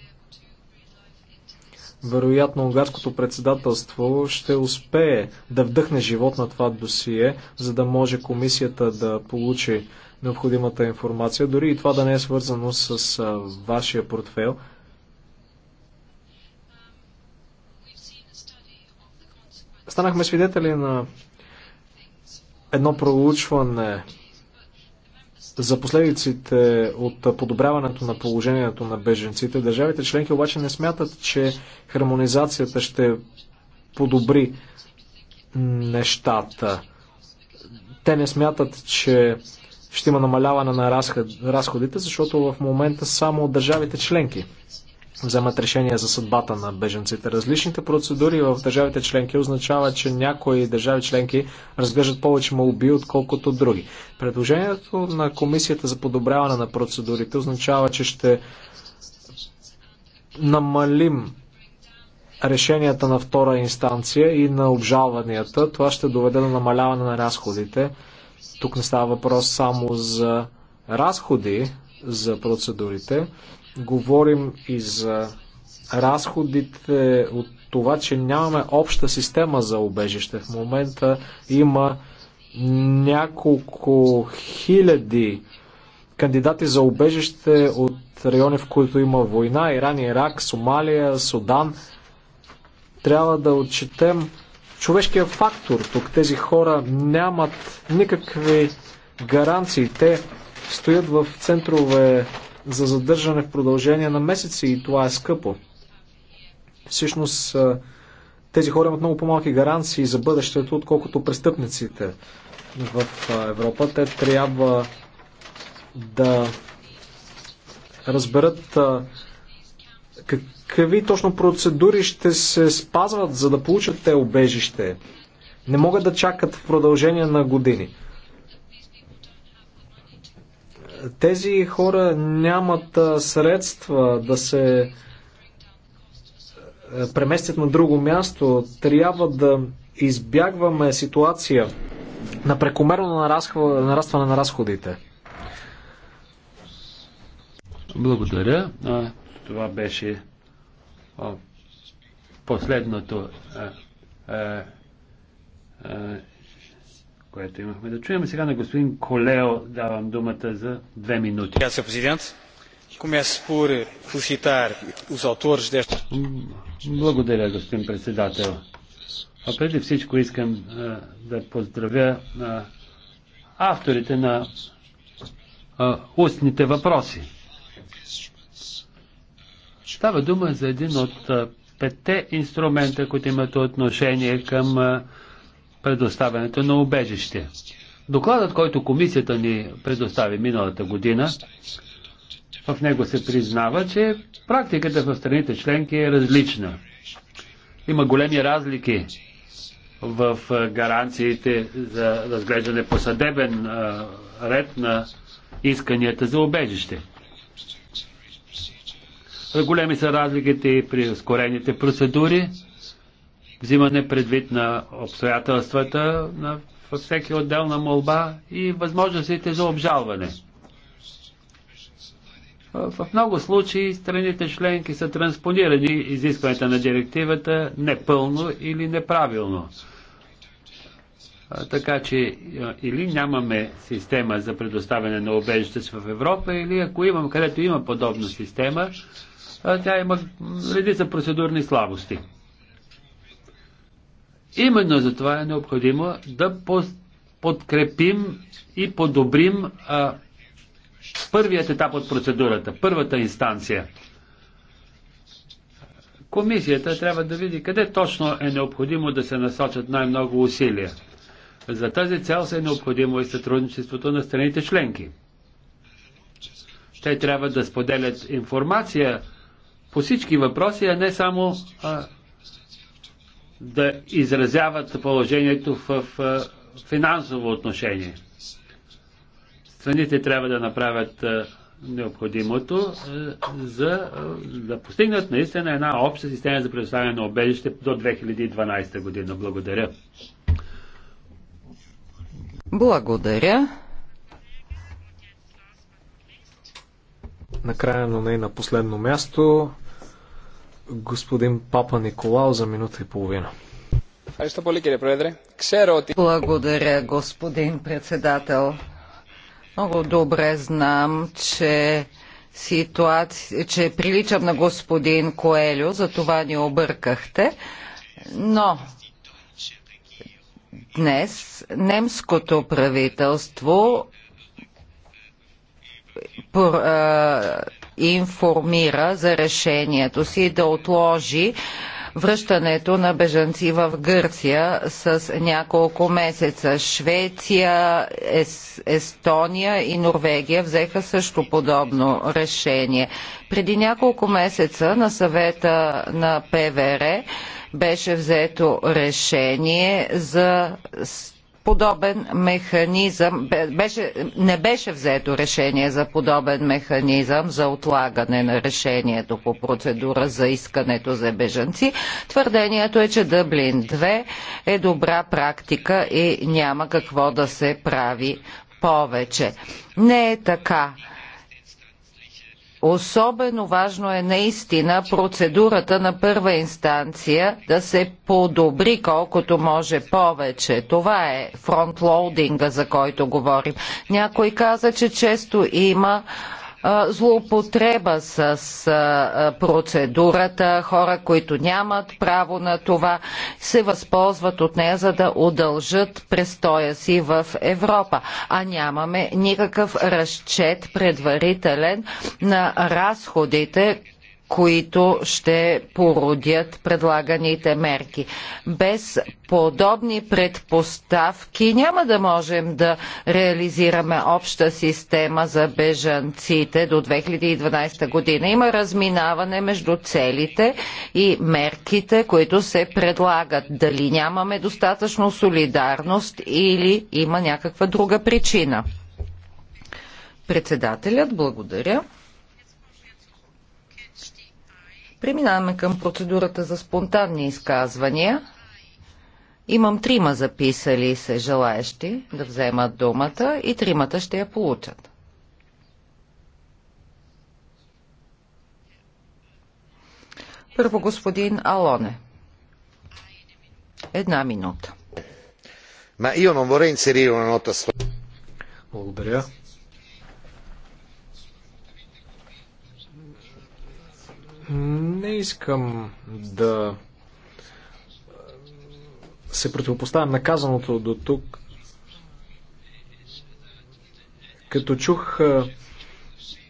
Вероятно, унгарското председателство ще успее да вдъхне живот на това досие, за да може комисията да получи необходимата информация, дори и това да не е свързано с а, вашия портфел. Станахме свидетели на едно проучване за последиците от подобряването на положението на беженците. Държавите членки обаче не смятат, че хармонизацията ще подобри нещата. Те не смятат, че ще има намаляване на разходите, защото в момента само държавите членки вземат решения за съдбата на беженците. Различните процедури в държавите членки означава, че някои държави членки разглеждат повече молби, отколкото други. Предложението на Комисията за подобряване на процедурите означава, че ще намалим решенията на втора инстанция и на обжалванията. Това ще доведе до намаляване на разходите. Тук не става въпрос само за разходи за процедурите, Говорим и за разходите от това, че нямаме обща система за обежище. В момента има няколко хиляди кандидати за обежище от райони, в които има война, Иран, Ирак, Сомалия, Судан. Трябва да отчетем човешкия фактор. Тук тези хора нямат никакви гаранции. Те стоят в центрове за задържане в продължение на месеци и това е скъпо. Всъщност тези хора имат много по-малки гаранции за бъдещето, отколкото престъпниците в Европа. Те трябва да разберат какви точно процедури ще се спазват, за да получат те обежище. Не могат да чакат в продължение на години. Тези хора нямат средства да се е, преместят на друго място. Трябва да избягваме ситуация на прекомерно нарастване на разходите. Благодаря. Това беше последното което имахме да чуем. Сега на господин Колео давам думата за две минути. Благодаря, господин председател. А преди всичко искам а, да поздравя а, авторите на а, устните въпроси. Става дума за един от а, петте инструмента, които имат отношение към а, предоставянето на убежище. Докладът, който комисията ни предостави миналата година, в него се признава, че практиката в страните членки е различна. Има големи разлики в гаранциите за разглеждане по съдебен ред на исканията за убежище. Големи са разликите и при ускорените процедури взимане предвид на обстоятелствата на всеки отделна молба и възможностите за обжалване. В много случаи страните членки са транспонирани изискванията на директивата непълно или неправилно. Така че или нямаме система за предоставяне на обежище в Европа, или ако имам, където има подобна система, тя има редица процедурни слабости. Именно за това е необходимо да подкрепим и подобрим а, първият етап от процедурата, първата инстанция. Комисията трябва да види къде точно е необходимо да се насочат най-много усилия. За тази цел се е необходимо и сътрудничеството на страните членки. Те трябва да споделят информация по всички въпроси, а не само а, да изразяват положението в финансово отношение. Страните трябва да направят е, необходимото е, за е, да постигнат наистина една обща система за предоставяне на обежище до 2012 година. Благодаря. Благодаря. Накрая, но не на последно място, господин Папа Николао за минута и половина. Благодаря, господин председател. Много добре знам, че ситуация, че приличам на господин Коелю, за това ни объркахте, но днес немското правителство информира за решението си да отложи връщането на бежанци в Гърция с няколко месеца. Швеция, Ес, Естония и Норвегия взеха също подобно решение. Преди няколко месеца на съвета на ПВР беше взето решение за подобен механизъм, беше, не беше взето решение за подобен механизъм за отлагане на решението по процедура за искането за бежанци. Твърдението е, че Дъблин 2 е добра практика и няма какво да се прави повече. Не е така. Особено важно е наистина процедурата на първа инстанция да се подобри колкото може повече. Това е фронтлоудинга, за който говорим. Някой каза, че често има злоупотреба с процедурата, хора, които нямат право на това, се възползват от нея, за да удължат престоя си в Европа. А нямаме никакъв разчет предварителен на разходите, които ще породят предлаганите мерки. Без подобни предпоставки няма да можем да реализираме обща система за бежанците до 2012 година. Има разминаване между целите и мерките, които се предлагат. Дали нямаме достатъчно солидарност или има някаква друга причина. Председателят, благодаря. Преминаваме към процедурата за спонтанни изказвания. Имам трима записали се желаещи да вземат думата и тримата ще я получат. Първо господин Алоне. Една минута. Благодаря. Не искам да се противопоставям наказаното до тук. Като чух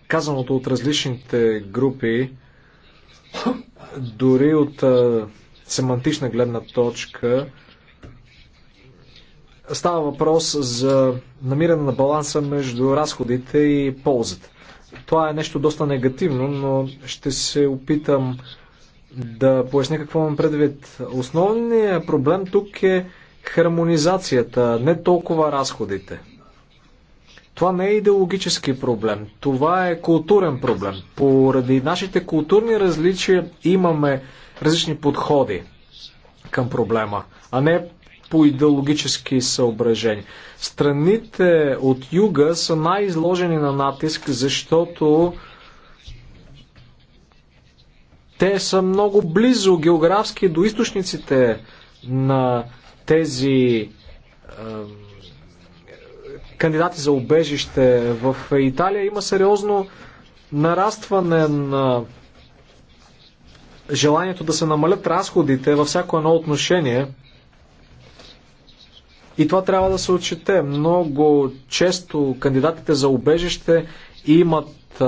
казаното от различните групи, дори от семантична гледна точка, става въпрос за намиране на баланса между разходите и ползата. Това е нещо доста негативно, но ще се опитам да поясня какво имам предвид. Основният проблем тук е хармонизацията, не толкова разходите. Това не е идеологически проблем, това е културен проблем. Поради нашите културни различия имаме различни подходи към проблема, а не по идеологически съображения. Страните от юга са най-изложени на натиск, защото те са много близо географски до източниците на тези кандидати за убежище. В Италия има сериозно нарастване на желанието да се намалят разходите във всяко едно отношение и това трябва да се отчете. Много често кандидатите за убежище имат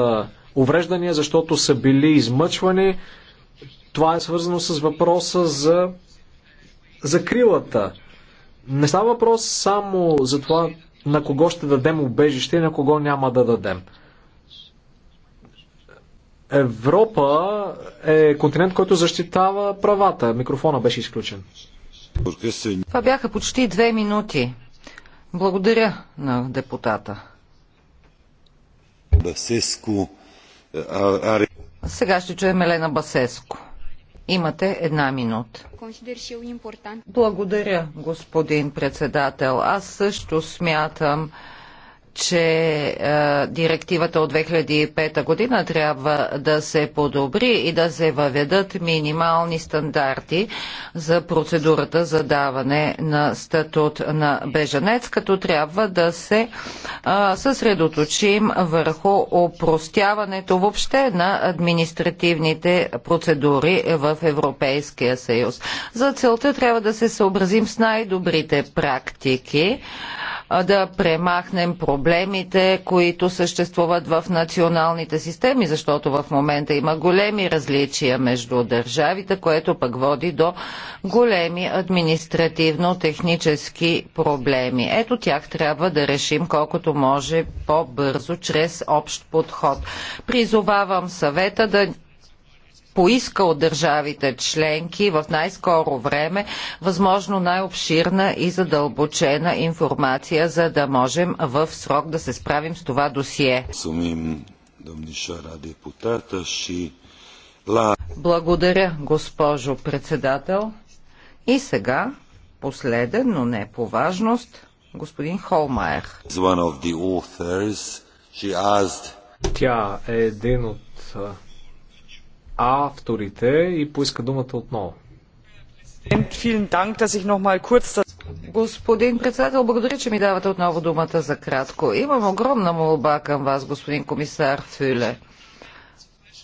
увреждания, защото са били измъчвани. Това е свързано с въпроса за закрилата. Не става въпрос само за това на кого ще дадем убежище и на кого няма да дадем. Европа е континент, който защитава правата. Микрофона беше изключен. Това бяха почти две минути. Благодаря на депутата. Басеско. Сега ще чуем Елена Басеско. Имате една минута. Благодаря, господин председател. Аз също смятам, че е, директивата от 2005 година трябва да се подобри и да се въведат минимални стандарти за процедурата за даване на статут на беженец, като трябва да се е, съсредоточим върху упростяването въобще на административните процедури в Европейския съюз. За целта трябва да се съобразим с най-добрите практики да премахнем проблемите, които съществуват в националните системи, защото в момента има големи различия между държавите, което пък води до големи административно-технически проблеми. Ето тях трябва да решим колкото може по-бързо, чрез общ подход. Призовавам съвета да поиска от държавите членки в най-скоро време, възможно най-обширна и задълбочена информация, за да можем в срок да се справим с това досие. Благодаря, госпожо председател. И сега, последен, но не по важност, господин Холмайер. Тя е един от авторите и поиска думата отново. Господин председател, благодаря, че ми давате отново думата за кратко. Имам огромна молба към вас, господин комисар Фюле.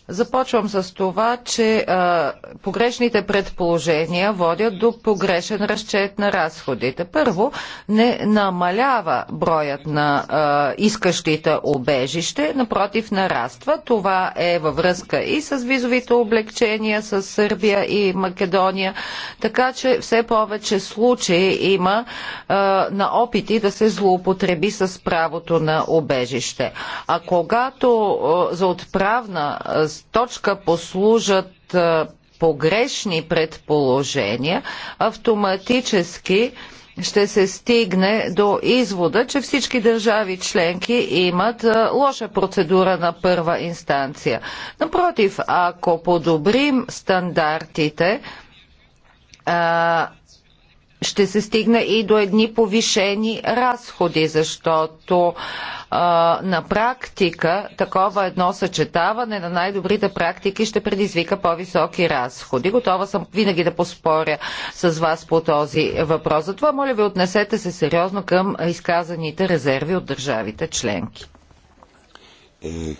Започвам с това, че а, погрешните предположения водят до погрешен разчет на разходите. Първо, не намалява броят на а, искащите обежище, напротив, нараства. Това е във връзка и с визовите облегчения с Сърбия и Македония, така че все повече случаи има а, на опити да се злоупотреби с правото на обежище. А когато а, за отправна а, точка послужат погрешни предположения, автоматически ще се стигне до извода, че всички държави членки имат лоша процедура на първа инстанция. Напротив, ако подобрим стандартите, ще се стигне и до едни повишени разходи, защото а, на практика такова едно съчетаване на най-добрите практики ще предизвика по-високи разходи. Готова съм винаги да поспоря с вас по този въпрос. Затова, моля ви, отнесете се сериозно към изказаните резерви от държавите членки. Е,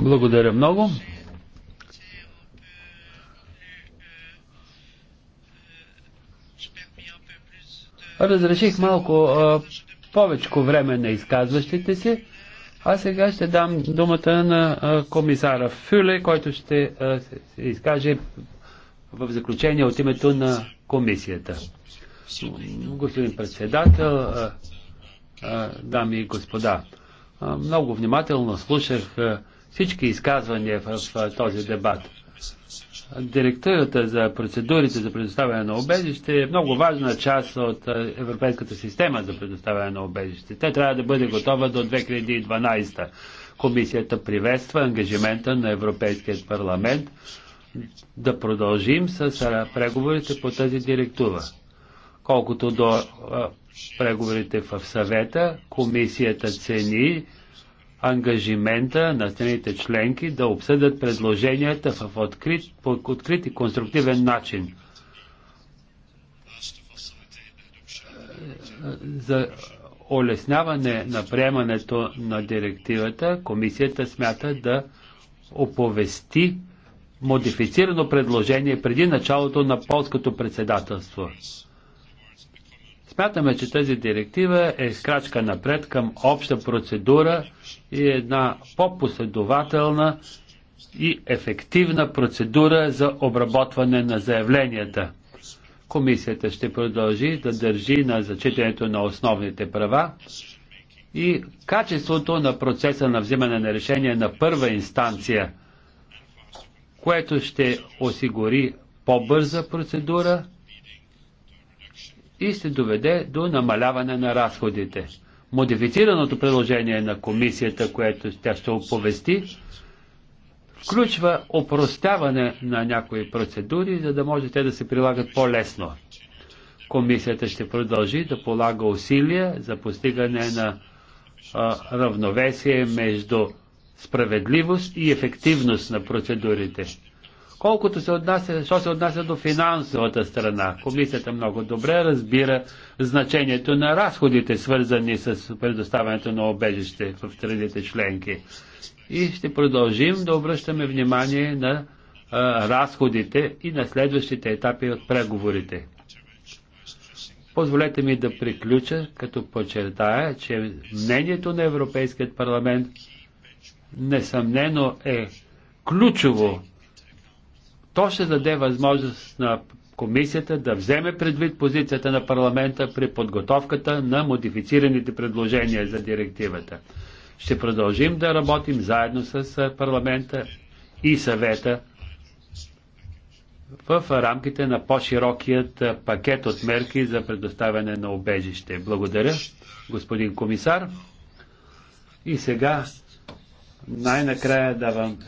Благодаря много. разреших малко повече време на изказващите си. А сега ще дам думата на комисара Фюле, който ще се изкаже в заключение от името на комисията. Господин председател, дами и господа, много внимателно слушах всички изказвания в този дебат. Директивата за процедурите за предоставяне на обезище е много важна част от е, европейската система за предоставяне на обежище. Те трябва да бъде готова до 2012. Комисията приветства ангажимента на Европейският парламент да продължим с е, преговорите по тази директива. Колкото до е, преговорите в съвета, комисията цени ангажимента на страните членки да обсъдят предложенията в открит, по открит и конструктивен начин. За олесняване на приемането на директивата, комисията смята да оповести модифицирано предложение преди началото на полското председателство. Смятаме, че тази директива е крачка напред към обща процедура и е една по-последователна и ефективна процедура за обработване на заявленията. Комисията ще продължи да държи на зачитането на основните права и качеството на процеса на взимане на решение на първа инстанция, което ще осигури по-бърза процедура и ще доведе до намаляване на разходите. Модифицираното предложение на комисията, което тя ще оповести, включва опростяване на някои процедури, за да може те да се прилагат по-лесно. Комисията ще продължи да полага усилия за постигане на а, равновесие между справедливост и ефективност на процедурите. Колкото се отнася, що се отнася до финансовата страна, комисията много добре разбира значението на разходите, свързани с предоставянето на обежище в страните членки. И ще продължим да обръщаме внимание на а, разходите и на следващите етапи от преговорите. Позволете ми да приключа, като подчертая, че мнението на Европейският парламент несъмнено е ключово то ще даде възможност на комисията да вземе предвид позицията на парламента при подготовката на модифицираните предложения за директивата. Ще продължим да работим заедно с парламента и съвета в рамките на по-широкият пакет от мерки за предоставяне на обежище. Благодаря, господин комисар. И сега най-накрая давам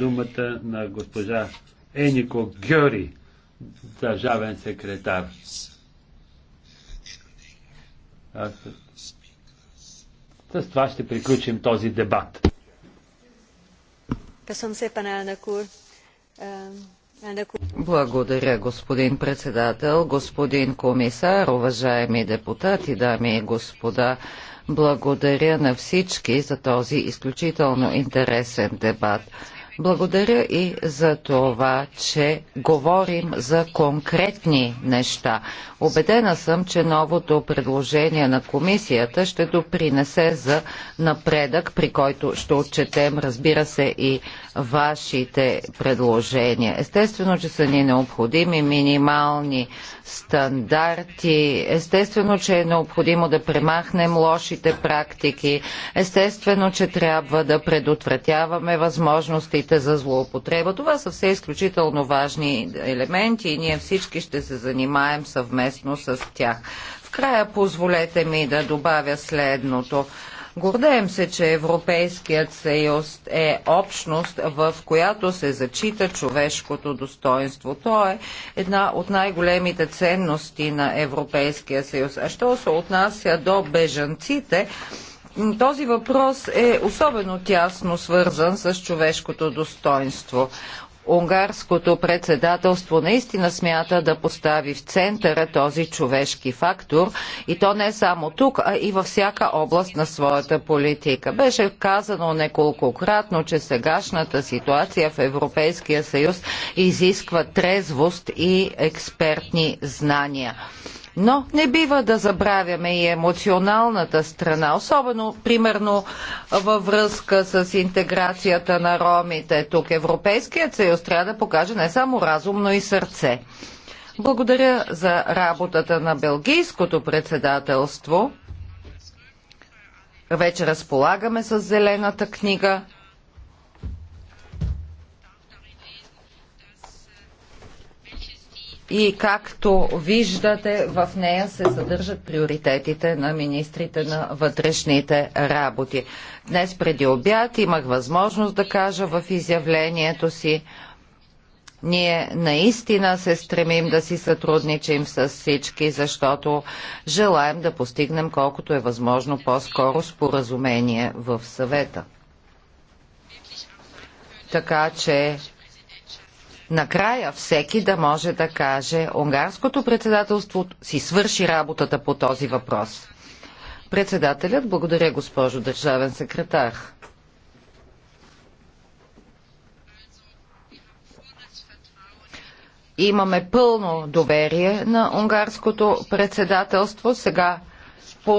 думата на госпожа Енико Гьори, държавен секретар. Аз... С това ще приключим този дебат. Е, Благодаря, господин председател, господин комисар, уважаеми депутати, дами и господа. Благодаря на всички за този изключително интересен дебат. Благодаря и за това, че говорим за конкретни неща. Обедена съм, че новото предложение на комисията ще допринесе за напредък, при който ще отчетем, разбира се, и вашите предложения. Естествено, че са ни необходими минимални стандарти. Естествено, че е необходимо да премахнем лошите практики. Естествено, че трябва да предотвратяваме възможностите за злоупотреба. Това са все изключително важни елементи и ние всички ще се занимаем съвместно с тях. В края позволете ми да добавя следното. Гордеем се, че Европейският съюз е общност, в която се зачита човешкото достоинство. То е една от най-големите ценности на Европейския съюз. А що се отнася до бежанците, този въпрос е особено тясно свързан с човешкото достоинство унгарското председателство наистина смята да постави в центъра този човешки фактор и то не само тук, а и във всяка област на своята политика. Беше казано неколкократно, че сегашната ситуация в Европейския съюз изисква трезвост и експертни знания. Но не бива да забравяме и емоционалната страна, особено примерно във връзка с интеграцията на ромите. Тук Европейският съюз трябва да покаже не само разум, но и сърце. Благодаря за работата на Белгийското председателство. Вече разполагаме с зелената книга. и както виждате в нея се съдържат приоритетите на министрите на вътрешните работи. Днес преди обяд имах възможност да кажа в изявлението си, ние наистина се стремим да си сътрудничим с всички, защото желаем да постигнем колкото е възможно по-скоро споразумение в съвета. Така че накрая всеки да може да каже, унгарското председателство си свърши работата по този въпрос. Председателят, благодаря госпожо държавен секретар. Имаме пълно доверие на унгарското председателство. Сега